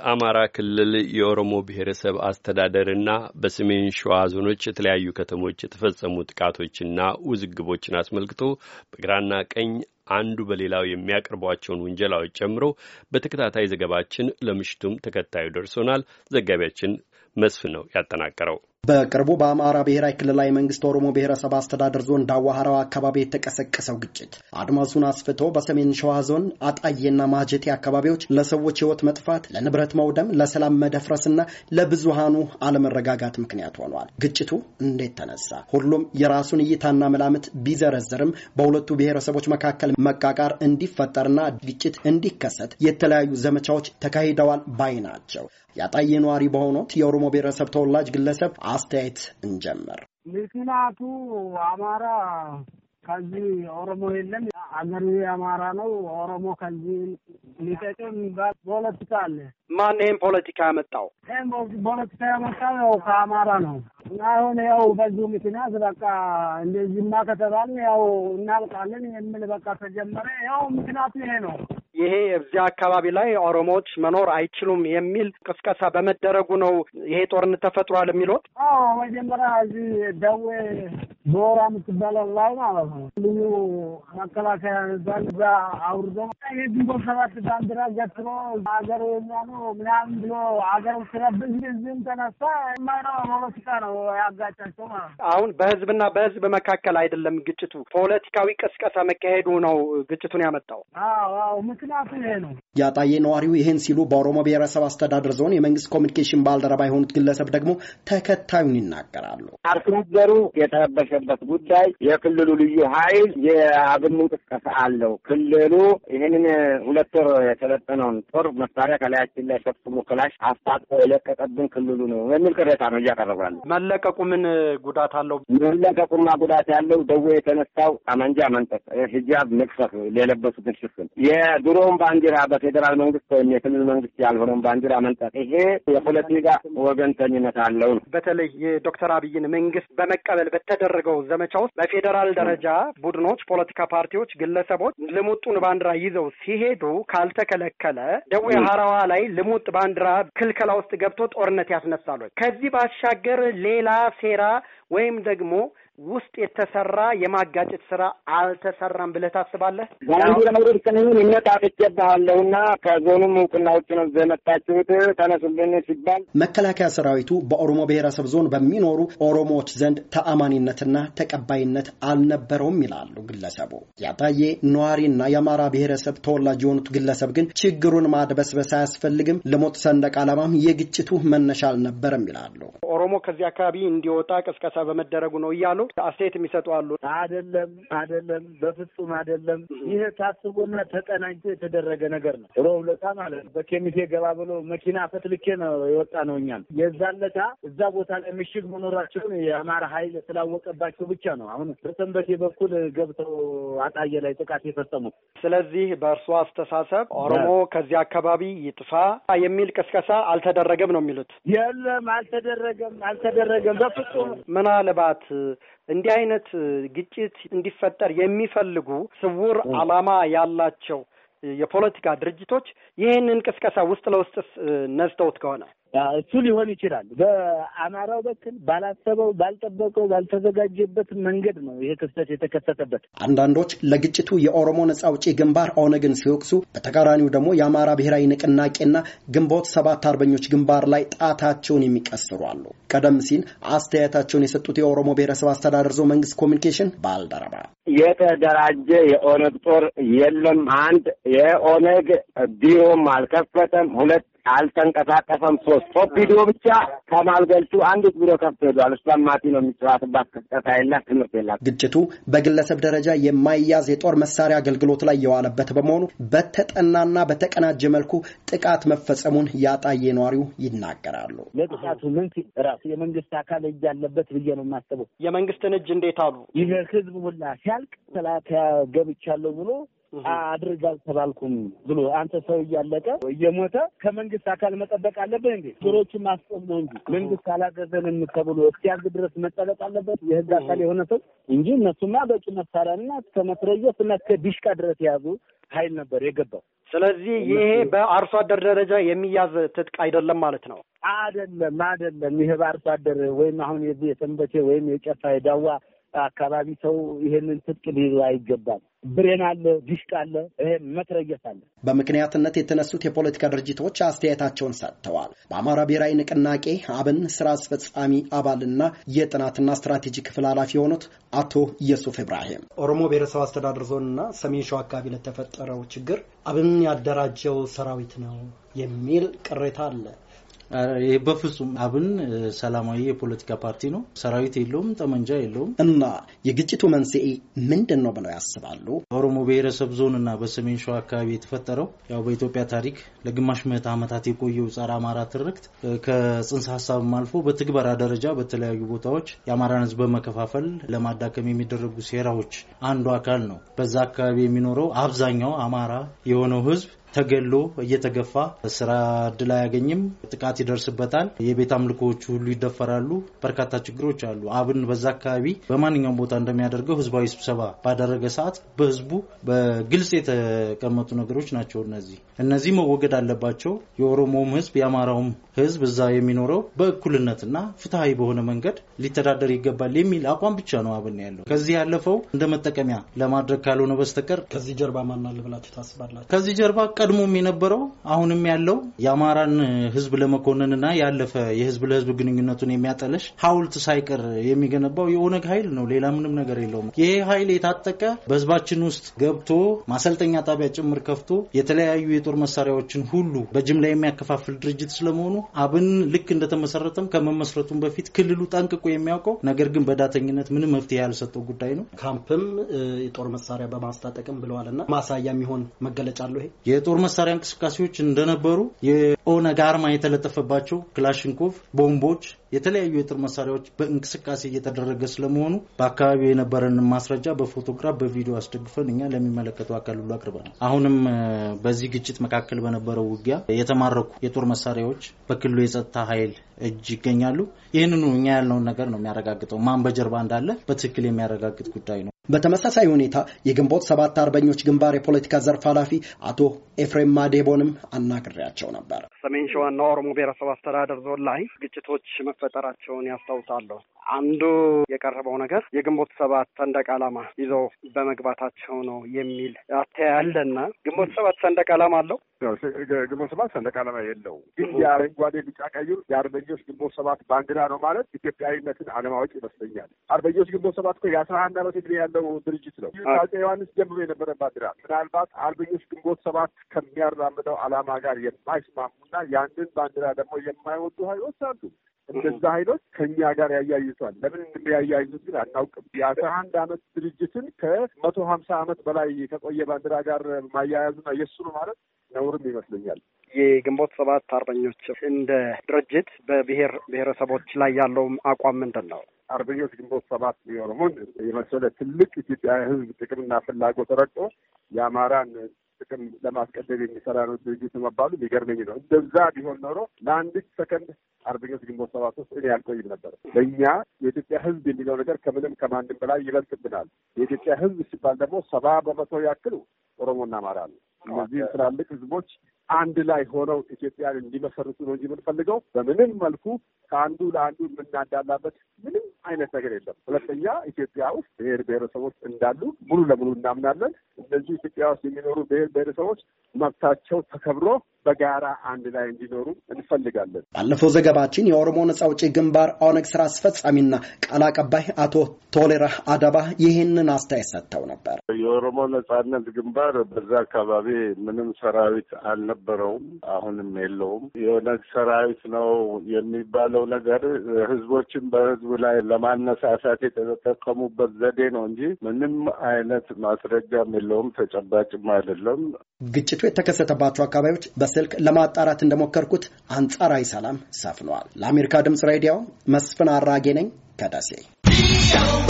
በአማራ ክልል የኦሮሞ ብሔረሰብ አስተዳደርና በሰሜን ሸዋ ዞኖች የተለያዩ ከተሞች የተፈጸሙ ጥቃቶችና ውዝግቦችን አስመልክቶ በግራና ቀኝ አንዱ በሌላው የሚያቀርቧቸውን ውንጀላዎች ጨምሮ በተከታታይ ዘገባችን ለምሽቱም ተከታዩ ደርሶናል። ዘጋቢያችን መስፍ ነው ያጠናቀረው። በቅርቡ በአማራ ብሔራዊ ክልላዊ መንግስት ኦሮሞ ብሔረሰብ አስተዳደር ዞን ዳዋሃራው አካባቢ የተቀሰቀሰው ግጭት አድማሱን አስፍቶ በሰሜን ሸዋ ዞን አጣዬና ማጀቴ አካባቢዎች ለሰዎች ሕይወት መጥፋት፣ ለንብረት መውደም፣ ለሰላም መደፍረስና ለብዙሃኑ አለመረጋጋት ምክንያት ሆኗል። ግጭቱ እንዴት ተነሳ? ሁሉም የራሱን እይታና መላምት ቢዘረዝርም በሁለቱ ብሔረሰቦች መካከል መቃቃር እንዲፈጠርና ግጭት እንዲከሰት የተለያዩ ዘመቻዎች ተካሂደዋል ባይ ናቸው። የአጣዬ ነዋሪ በሆኑት የኦሮሞ ብሔረሰብ ተወላጅ ግለሰብ አስተያየት እንጀምር። ምክንያቱ አማራ ከዚህ ኦሮሞ የለም። አገሩ የአማራ ነው። ኦሮሞ ከዚህ ሊጠቅም ፖለቲካ አለ። ማን ይህም ፖለቲካ ያመጣው? ይህም ፖለቲካ ያመጣው ያው ከአማራ ነው እና አሁን ያው በዙ ምክንያት በቃ እንደዚህማ ከተባለ ያው እናልቃለን የሚል በቃ ተጀመረ። ያው ምክንያቱ ይሄ ነው። ይሄ እዚያ አካባቢ ላይ ኦሮሞዎች መኖር አይችሉም የሚል ቅስቀሳ በመደረጉ ነው ይሄ ጦርነት ተፈጥሯል የሚሉት? አዎ መጀመሪያ እዚህ ደዌ ቦራ የምትባለው ላይ ማለት ነው ልዩ መከላከያ ሚባል እዛ አውርዶ የግንቦት ሰባት ባንዲራ ገትሮ ሀገር የኛ ነው ምናምን ብሎ ሀገር ስረብዝ እዚህም ተነሳ የማይነው ፖለቲካ ነው ያጋጫቸው ማለት ነው። አሁን በህዝብና በህዝብ መካከል አይደለም ግጭቱ፣ ፖለቲካዊ ቅስቀሳ መካሄዱ ነው ግጭቱን ያመጣው። አዎ አዎ ምክንያቱ ይሄ ነው። ያጣዬ ነዋሪው ይህን ሲሉ በኦሮሞ ብሔረሰብ አስተዳደር ዞን የመንግስት ኮሚኒኬሽን ባልደረባ የሆኑት ግለሰብ ደግሞ ተከታዩን ይናገራሉ። አርሶ አደሩ የተረበሸበት ጉዳይ የክልሉ ልዩ ኃይል የአብን እንቅስቀሳ አለው። ክልሉ ይህንን ሁለት ወር የሰለጠነውን ጦር መሳሪያ ከላያችን ላይ ሸፍሞ ክላሽ አስታጥቆ የለቀቀብን ክልሉ ነው የሚል ቅሬታ ነው እያቀረባለ። መለቀቁ ምን ጉዳት አለው? መለቀቁማ ጉዳት ያለው ደዌ የተነሳው ጠመንጃ መንጠቅ፣ ሂጃብ መቅሰፍ የለበሱትን ሽፍን ድሮም ባንዲራ በፌዴራል መንግስት ወይም የክልል መንግስት ያልሆነውን ባንዲራ መንጠቅ ይሄ የፖለቲካ ወገንተኝነት አለው ነው። በተለይ የዶክተር አብይን መንግስት በመቀበል በተደረገው ዘመቻ ውስጥ በፌዴራል ደረጃ ቡድኖች፣ ፖለቲካ ፓርቲዎች፣ ግለሰቦች ልሙጡን ባንዲራ ይዘው ሲሄዱ ካልተከለከለ ደዌ ሀረዋ ላይ ልሙጥ ባንዲራ ክልከላ ውስጥ ገብቶ ጦርነት ያስነሳሉ። ከዚህ ባሻገር ሌላ ሴራ ወይም ደግሞ ውስጥ የተሰራ የማጋጨት ስራ አልተሰራም ብለህ ታስባለህ? ለአንዱ ለመውደድ ስንሆን አፍጀባሃለሁ ፍጀባሃለሁና ከዞኑም እውቅና ውጭ ነው የመጣችሁት ተነሱልን ሲባል መከላከያ ሰራዊቱ በኦሮሞ ብሔረሰብ ዞን በሚኖሩ ኦሮሞዎች ዘንድ ተአማኒነትና ተቀባይነት አልነበረውም ይላሉ ግለሰቡ። የአጣዬ ነዋሪና የአማራ ብሔረሰብ ተወላጅ የሆኑት ግለሰብ ግን ችግሩን ማድበስበስ አያስፈልግም፣ ልሞት ሰንደቅ ዓላማም የግጭቱ መነሻ አልነበረም ይላሉ። ኦሮሞ ከዚህ አካባቢ እንዲወጣ ቅስቀሳ በመደረጉ ነው እያሉ አስተያየት የሚሰጡ አሉ። አይደለም አይደለም፣ በፍጹም አይደለም። ይህ ታስቦና ተጠናኝቶ የተደረገ ነገር ነው። ሮብ ዕለታ ማለት ነው በኬሚቴ ገባ ብሎ መኪና ፈትልኬ ነው የወጣ ነው። እኛም የዛን እዛ ቦታ ላይ ምሽግ መኖራቸውን የአማራ ኃይል ስላወቀባቸው ብቻ ነው አሁን በሰንበቴ በኩል ገብተው አጣየ ላይ ጥቃት የፈጸሙት። ስለዚህ በእርሶ አስተሳሰብ ኦሮሞ ከዚህ አካባቢ ይጥፋ የሚል ቅስቀሳ አልተደረገም ነው የሚሉት? የለም አልተደረገም፣ አልተደረገም በፍጹም ምናልባት እንዲህ አይነት ግጭት እንዲፈጠር የሚፈልጉ ስውር ዓላማ ያላቸው የፖለቲካ ድርጅቶች ይህንን ቅስቀሳ ውስጥ ለውስጥ ነስተውት ከሆነ እሱ ሊሆን ይችላል። በአማራው በኩል ባላሰበው፣ ባልጠበቀው፣ ባልተዘጋጀበት መንገድ ነው ይሄ ክስተት የተከሰተበት። አንዳንዶች ለግጭቱ የኦሮሞ ነጻ አውጪ ግንባር ኦነግን ሲወቅሱ፣ በተቃራኒው ደግሞ የአማራ ብሔራዊ ንቅናቄና ግንቦት ሰባት አርበኞች ግንባር ላይ ጣታቸውን የሚቀስሩ አሉ። ቀደም ሲል አስተያየታቸውን የሰጡት የኦሮሞ ብሔረሰብ አስተዳደር ዞን መንግስት ኮሚኒኬሽን ባልደረባ የተደራጀ የኦነግ ጦር የለም። አንድ የኦነግ ቢሮም አልከፈተም። ሁለት አልተንቀሳቀሰም። ሶስት ቪዲዮ ብቻ ከማልገልቱ አንዲት ቢሮ ከፍት ሄዷል። እሷን ማቲ ነው የሚጫወትባት። ክፍተት የላት፣ ትምህርት የላት። ግጭቱ በግለሰብ ደረጃ የማይያዝ የጦር መሳሪያ አገልግሎት ላይ የዋለበት በመሆኑ በተጠናና በተቀናጀ መልኩ ጥቃት መፈጸሙን ያጣየ ነዋሪው ይናገራሉ። ለጥቃቱ ምን ራሱ የመንግስት አካል እጅ አለበት ብዬ ነው የማስበው። የመንግስትን እጅ እንዴት አሉ? ይህ ህዝብ ሁላ ሲያልቅ ተላከያ ገብቻለሁ ብሎ አድርጋል ተባልኩም ብሎ አንተ ሰው እያለቀ እየሞተ ከመንግስት አካል መጠበቅ አለብህ እንዴ? ችግሮችን ማስቆም ነው እንጂ መንግስት አላገዘንም ተብሎ እስኪያዝ ድረስ መጠበቅ አለበት የህግ አካል የሆነ ሰው እንጂ እነሱማ በቂ መሳሪያና ከመትረየስ እና ዲሽቃ ድረስ የያዙ ሀይል ነበር የገባው። ስለዚህ ይሄ በአርሶ አደር ደረጃ የሚያዝ ትጥቅ አይደለም ማለት ነው። አደለም፣ አደለም። ይሄ በአርሶ አደር ወይም አሁን የዚህ የሰንበቴ ወይም የጨፋ የዳዋ አካባቢ ሰው ይሄንን ትጥቅ ሊይዝ አይገባም። ብሬን አለ፣ ዲሽቅ አለ፣ መትረየስ አለ። በምክንያትነት የተነሱት የፖለቲካ ድርጅቶች አስተያየታቸውን ሰጥተዋል። በአማራ ብሔራዊ ንቅናቄ አብን ስራ አስፈጻሚ አባልና የጥናትና ስትራቴጂ ክፍል ኃላፊ የሆኑት አቶ ኢየሱፍ ኢብራሂም ኦሮሞ ብሔረሰብ አስተዳደር ዞንና ሰሜን ሸዋ አካባቢ ለተፈጠረው ችግር አብን ያደራጀው ሰራዊት ነው የሚል ቅሬታ አለ። ይህ በፍጹም አብን ሰላማዊ የፖለቲካ ፓርቲ ነው። ሰራዊት የለውም፣ ጠመንጃ የለውም። እና የግጭቱ መንስኤ ምንድን ነው ብለው ያስባሉ? በኦሮሞ ብሔረሰብ ዞን እና በሰሜን ሸዋ አካባቢ የተፈጠረው ያው በኢትዮጵያ ታሪክ ለግማሽ ምዕተ ዓመታት የቆየው ጸረ አማራ ትርክት ከጽንሰ ሀሳብም አልፎ በትግበራ ደረጃ በተለያዩ ቦታዎች የአማራን ህዝብ በመከፋፈል ለማዳከም የሚደረጉ ሴራዎች አንዱ አካል ነው። በዛ አካባቢ የሚኖረው አብዛኛው አማራ የሆነው ህዝብ። ተገሎ እየተገፋ ስራ እድል አያገኝም፣ ጥቃት ይደርስበታል፣ የቤት አምልኮዎቹ ሁሉ ይደፈራሉ። በርካታ ችግሮች አሉ። አብን በዛ አካባቢ በማንኛውም ቦታ እንደሚያደርገው ህዝባዊ ስብሰባ ባደረገ ሰዓት በህዝቡ በግልጽ የተቀመጡ ነገሮች ናቸው። እነዚህ እነዚህ መወገድ አለባቸው። የኦሮሞውም ህዝብ የአማራውም ህዝብ እዛ የሚኖረው በእኩልነትና ፍትሐዊ በሆነ መንገድ ሊተዳደር ይገባል የሚል አቋም ብቻ ነው አብን ያለው። ከዚህ ያለፈው እንደ መጠቀሚያ ለማድረግ ካልሆነ በስተቀር ከዚህ ጀርባ ማናለ ብላችሁ ታስባላችሁ? ከዚህ ጀርባ ቀድሞም የነበረው አሁንም ያለው የአማራን ህዝብ ለመኮንንና ያለፈ የህዝብ ለህዝብ ግንኙነቱን የሚያጠለሽ ሀውልት ሳይቀር የሚገነባው የኦነግ ኃይል ነው። ሌላ ምንም ነገር የለውም። ይሄ ኃይል የታጠቀ በህዝባችን ውስጥ ገብቶ ማሰልጠኛ ጣቢያ ጭምር ከፍቶ የተለያዩ የጦር መሳሪያዎችን ሁሉ በጅምላ የሚያከፋፍል ድርጅት ስለመሆኑ አብን ልክ እንደተመሰረተም ከመመስረቱም በፊት ክልሉ ጠንቅቆ የሚያውቀው ነገር ግን በዳተኝነት ምንም መፍትሄ ያልሰጠው ጉዳይ ነው። ካምፕም የጦር መሳሪያ በማስታጠቅም ብለዋልና ማሳያ የሚሆን መገለጫ አለው ይሄ የጦር መሳሪያ እንቅስቃሴዎች እንደነበሩ የኦነግ አርማ የተለጠፈባቸው ክላሽንኮቭ፣ ቦምቦች፣ የተለያዩ የጦር መሳሪያዎች በእንቅስቃሴ እየተደረገ ስለመሆኑ በአካባቢው የነበረንን ማስረጃ በፎቶግራፍ በቪዲዮ አስደግፈን እኛ ለሚመለከተው አካል ሁሉ አቅርበናል። አሁንም በዚህ ግጭት መካከል በነበረው ውጊያ የተማረኩ የጦር መሳሪያዎች በክልሉ የጸጥታ ኃይል እጅ ይገኛሉ። ይህንኑ እኛ ያልነውን ነገር ነው የሚያረጋግጠው። ማን በጀርባ እንዳለ በትክክል የሚያረጋግጥ ጉዳይ ነው። በተመሳሳይ ሁኔታ የግንቦት ሰባት አርበኞች ግንባር የፖለቲካ ዘርፍ ኃላፊ አቶ ኤፍሬም ማዴቦንም አናግሬያቸው ነበር። ሰሜን ሸዋና ኦሮሞ ብሔረሰብ አስተዳደር ዞን ላይ ግጭቶች መፈጠራቸውን ያስታውሳሉ። አንዱ የቀረበው ነገር የግንቦት ሰባት ሰንደቅ ዓላማ ይዘው በመግባታቸው ነው የሚል አተያለና ግንቦት ሰባት ሰንደቅ ዓላማ አለው ግንቦት ሰባት ሰንደቅ ዓላማ የለው ግን የአረንጓዴ ቢጫ ቀዩ የአርበኞች ግንቦት ሰባት ባንዲራ ነው ማለት ኢትዮጵያዊነትን አለማወቅ ይመስለኛል። አርበኞች ግንቦት ሰባት እኮ የአስራ አንድ ዓመት ዕድሜ ያለው ድርጅት ነው። አፄ ዮሐንስ ጀምሮ የነበረ ባንዲራ ምናልባት አርበኞች ግንቦት ሰባት ከሚያራምደው ዓላማ ጋር የማይስማሙና ያንን ባንዲራ ደግሞ የማይወዱ ኃይሎች አሉ። እነዛ ኃይሎች ከእኛ ጋር ያያይዟል። ለምን እንደሚያያይዙት ግን አናውቅም። የአስራ አንድ አመት ድርጅትን ከመቶ ሀምሳ አመት በላይ ከቆየ ባንዲራ ጋር ማያያዙና የእሱ ነው ማለት ነውርም ይመስለኛል። የግንቦት ሰባት አርበኞች እንደ ድርጅት በብሔር ብሔረሰቦች ላይ ያለው አቋም ምንድን ነው? አርበኞች ግንቦት ሰባት የኦሮሞን የመሰለ ትልቅ ኢትዮጵያ ሕዝብ ጥቅምና ፍላጎት ተረድቶ የአማራን ጥቅም ለማስቀደም የሚሰራ ነው ድርጅት መባሉ ሊገርመኝ ነው። እንደዛ ቢሆን ኖሮ ለአንዲት ሰከንድ አርበኞች ግንቦት ሰባት ውስጥ እኔ አልቆይም ነበር። ለእኛ የኢትዮጵያ ሕዝብ የሚለው ነገር ከምንም ከማንም በላይ ይበልጥብናል። የኢትዮጵያ ሕዝብ ሲባል ደግሞ ሰባ በመቶ ያክሉ ኦሮሞና አማራ ነው። እነዚህ ትላልቅ ሕዝቦች አንድ ላይ ሆነው ኢትዮጵያን እንዲመሰርቱ ነው እንጂ የምንፈልገው በምንም መልኩ ከአንዱ ለአንዱ የምናዳላበት ምንም አይነት ነገር የለም። ሁለተኛ ኢትዮጵያ ውስጥ ብሔር ብሔረሰቦች እንዳሉ ሙሉ ለሙሉ እናምናለን። እነዚህ ኢትዮጵያ ውስጥ የሚኖሩ ብሔር ብሔረሰቦች መብታቸው ተከብሮ በጋራ አንድ ላይ እንዲኖሩ እንፈልጋለን። ባለፈው ዘገባችን የኦሮሞ ነጻ አውጪ ግንባር ኦነግ ስራ አስፈጻሚና ቃል አቀባይ አቶ ቶሌራ አደባ ይህንን አስተያየት ሰጥተው ነበር። የኦሮሞ ነጻነት ግንባር በዛ አካባቢ ምንም ሰራዊት አልነበ አልነበረውም፣ አሁንም የለውም። የኦነግ ሰራዊት ነው የሚባለው ነገር ህዝቦችን በህዝቡ ላይ ለማነሳሳት የተጠቀሙበት ዘዴ ነው እንጂ ምንም አይነት ማስረጃም የለውም፣ ተጨባጭም አይደለም። ግጭቱ የተከሰተባቸው አካባቢዎች በስልክ ለማጣራት እንደሞከርኩት አንጻራዊ ሰላም ሰፍነዋል። ለአሜሪካ ድምጽ ሬዲዮ መስፍን አራጌ ነኝ ከደሴ።